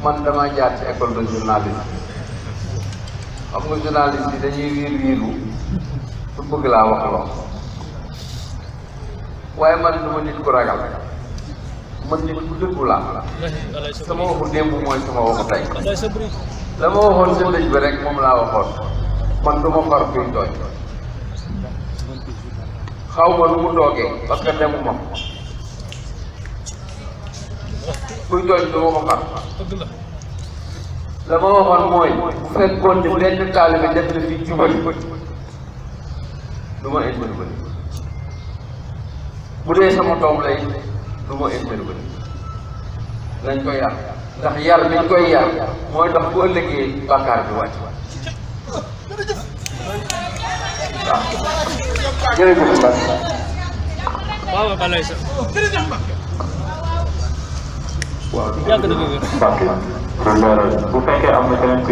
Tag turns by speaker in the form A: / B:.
A: man dama jaar ci école de journalisme xam nga journaliste yi dañuy wiir wiiru pour bëgg laa wax lo waaye man du nit ku ragal man nit ku dëggu laa sama waxu démb mooy sama waxu tey dama ma waxoon sa dëj bi rek moom laa waxoon man du xor far kuy tooñ xaw ma lu mu doogee parce que demuma kuy tooñ du ma ko far dëgg la. la ma waxoon mooy bu fekkoon ne benn taalibe def na fi jubali du ma intervenir bu dee sama doom lay du ma intervenir nañ ko yar ndax yar nañ koy yar mooy tax bu ëllëgee bàkkaar bi wàcc waaw jërëjëf Mbacke. waaw Mbacke. waaw yàgg na bu fekkee am na keneen